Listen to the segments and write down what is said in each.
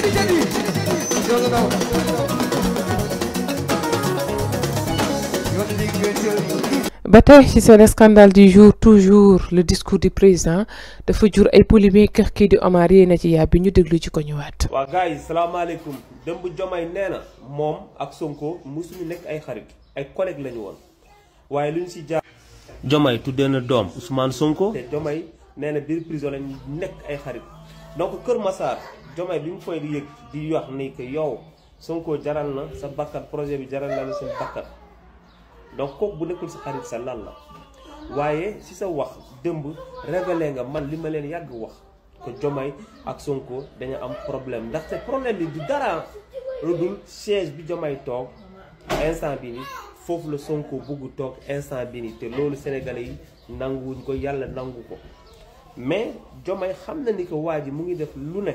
jadi ba tey ci seen scandale du jour toujours le discours du président dafa jur ay kër kii di Omar yéena ci yàb bi ñu déglu ci ko ñëwaat. waa gars yi salaamaaleykum démb Diomaye moom ak Sonko mosuñu nekk ay xarit ay collègues lañu woon waaye luñ ci jaar. Diomaye tuddee na doom Ousmane Sonko. te Diomaye nee biir prison lañu nekk ay xarit donc Kër Massar. Diomaye bi mu fay di yëg di wax ni que yow Sonko jaral na sa bakkat projet bi jaral na la seen bakkat donc kooku bu nekkul sa xarit sa lan la waaye si sa wax dëmb révélé nga man li ma leen yàgg wax ko Diomaye ak Sonko dañu am problème ndaxte problème bi du dara lu dul bi Diomaye toog instant bi ni foofu la Sonko bugg toog instant bi ni te loolu Sénégalais yi nanguwuñ ko yàlla nangu ko mais Diomaye xam na ni ko waa ji mu ngi def lu ne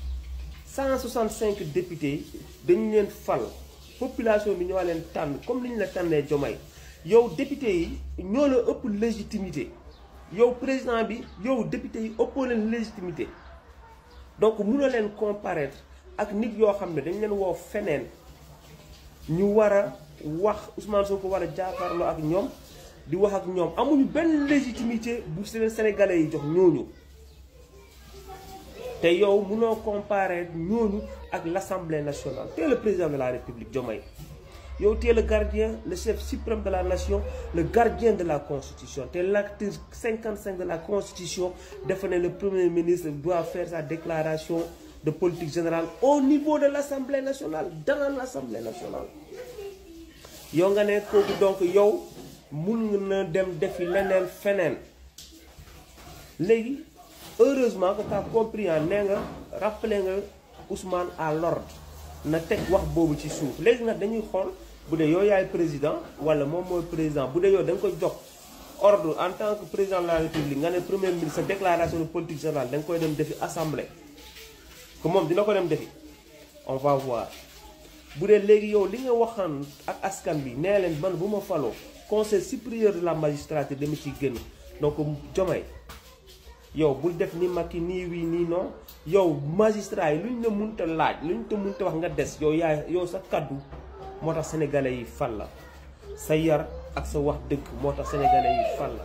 165 députés dañ leen fal population bi comme ni la tànnee jomay yow député ëpp légitimité yow président bi yow député yi légitimité donc nous leen comparaître ak nit yoo xam ne dañ leen woo feneen ñu war wax Ousmane Sonko war a ak di légitimité bu sénégalais et yow munoo comparer nous ak l'Assemblée nationale es le président de la république Diomaye yow le gardien le chef suprême de la nation le gardien de la constitution Tu es l'article 55 de la constitution dafa le premier ministre doit faire sa déclaration de politique générale au niveau de l'Assemblée nationale dans l'Assemblée nationale yow nga ne kooku donc yow mun na dem defi leneen feneen heureusement que as compris en hein, nga rappelant nga Ousmane à l'ordre na teg wax bobu ci souf léegi nag dañuy xol bu yo yow yaay président wala mom moy président bu yo dang koy jox ordre en tant que président de la république nga ne premier ministre déclaration politique générale dang koy dem défi assemblée ko mom dina ko dem défi? on va voir bu dee yo li nga waxan ak askan bi nee leen man bu ma conseil supérieur de la magistrature dama ci génn donc jomay yow bul def ni mag Macky nii wii nii non yow magistrat yi luñ la mënta laaj luñ te mënta wax nga des yow yaa yow sa kàddu moo tax sénégalais yi fal la sa yar ak sa wax dëkk moo tax sénégalais yi fal la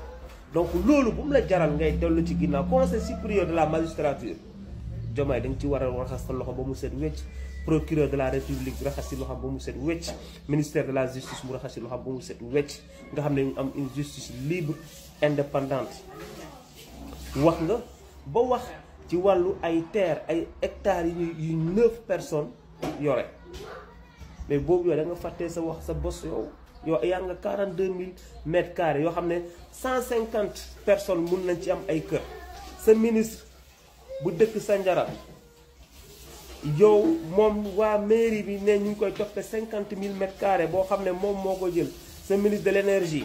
donc loolu bu mu la jaral ngay dellu ci ginnaaw conseil supérieur de la magistrature Diomaye da ci war a raxas sa loxo ba mu set wecc procureur de la république raxas si loxam ba mu set wecc ministère de la justice mu raxas si loxam ba mu set wecc nga xam ne ñu am une justice libre indépendante wax nga ba wax ci walu ay terre ay hectares yu yu neuf personnes yoré mais boobu yo da nga faté sa wax sa boss yo yo yaa nga 42 mille mètres carrés yo xamné 150 personnes mën nañ ci am ay kër sa ministre bu dëkk Sandiara yo mom wa mairie bi né ñu koy toppe 50 mille mètres carrés bo xamné mom moko jël sa ministre de l'énergie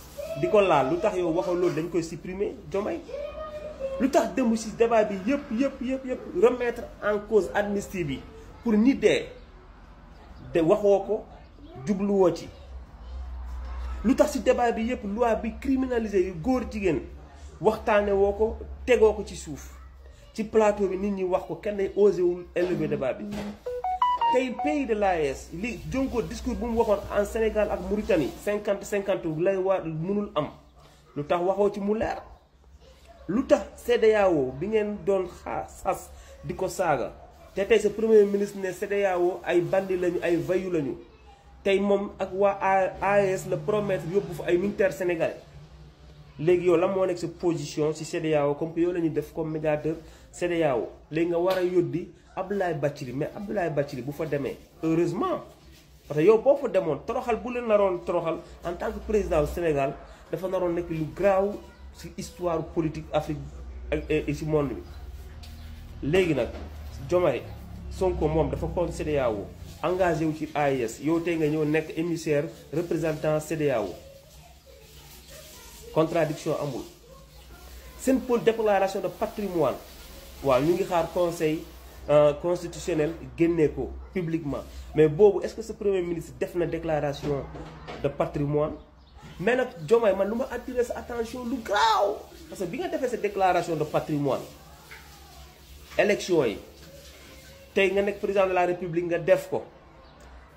di ko laal lu tax yow waxoon loolu dañ koy supprimer Diomaye lu tax démb ci débat bi yëpp yëpp yëpp yëpp remettre en cause amnistie bi pour nit dee de waxoo ko jubluwoo ci lu tax ci débat bi yëpp loi bi criminalisé yu góor jigéen waxtaane woo ko tegoo ko ci suuf ci plateau bi nit ñi wax ko kenn osewul élever débat bi tey pays de l'AES li Jonko discours bu mu waxoon en Sénégal ak Mauritanie cinquante cinquante lay war mënul am lu tax waxoo ci mu leer lu tax CEDEAO bi ngeen doon xaa xas di ko saaga te tey sa premier ministre ne CEDEAO ay bandi lañu ay vayu lañu tey moom ak waa AES la promettre yóbbu fa ay militaires sénégalais léegi yow la moo nekk sa position ci CEDEAO comme que yow la ñuy def ko médiateur CEDEAO léegi nga wara a Abdoulaye mais Abdoulaye Bathily bu fa démé heureusement parce que yow boo fa demoon toroxal bu len naroon toroxal en tant que président du Sénégal dafa naroon nek lu graw ci histoire politique Afrique et ci monde bi. léegi nag Diomaye Sonko mom dafa CEDEAO engagé wu ci AIS, yow té nga ñëw nek émissaire représentant CEDEAO contradiction amul seen pôle déclaration de patrimoine nous avons ngi conseil euh, constitutionnel publiquement mais Bobo, est-ce que ce premier ministre fait une déclaration de patrimoine mais je vais man attirer l'attention. attention parce que bi nga fait cette déclaration de patrimoine élection yi tey nga le président de la république nga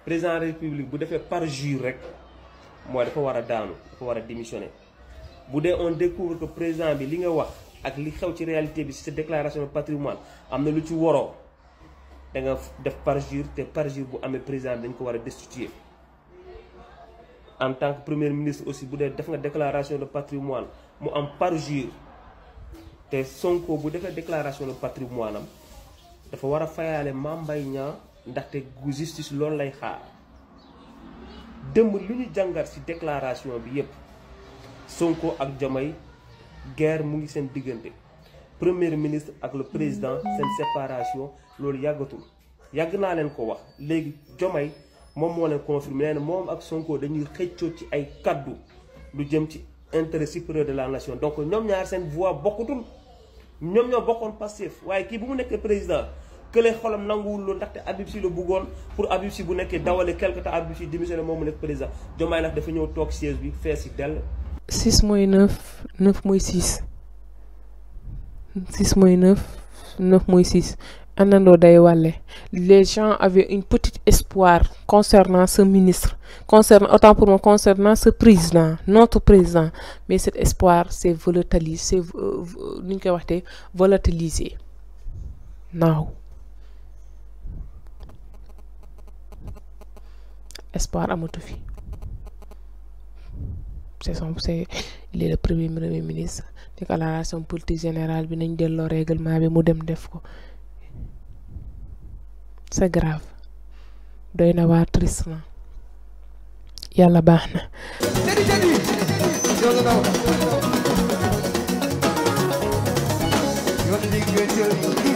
président de la république bu defee parjure rek mooy dafa démissionner on découvre que président bi li nga ak li xew ci réalité bi cette déclaration de patrimoine am na lu ci woro da nga def parjure te parjure bu amé président dañ ko en tant que premier ministre aussi bu def nga déclaration de patrimoine mu am parjure te Sonko bu déclaration de patrimoine am dafa justice lool lay xaar dem lu déclaration bi yépp Sonko ak guerre mu ngi premier ministre ak le président une séparation loolu yàggatul yàgg ko wax léegi jomay confirmé nee na ak Sonko dañuy xëccoo ci ay intérêt supérieur de la nation donc ñoom ñaar seen voix bokkutul ñoom ñoo bokkoon passif. waaye kii bu président xolam nanguwul ndaxte pour Abib Sy bu nekkee quelque Sy démissionné nekk président nag dafa siège bi 6 moins 9 9 6 6 9 9 6 les gens avaient une petite espoir concernant ce ministre concernant autant pour moi concernant ce président notre président mais cet espoir s'est euh, volatilisé C'est volatilisé espoir à c'est son c'est il est le premier premier ministre déclaration politique générale bi nañ delloo règlement bi mu dem def ko c'est grave doy na waar tristement a la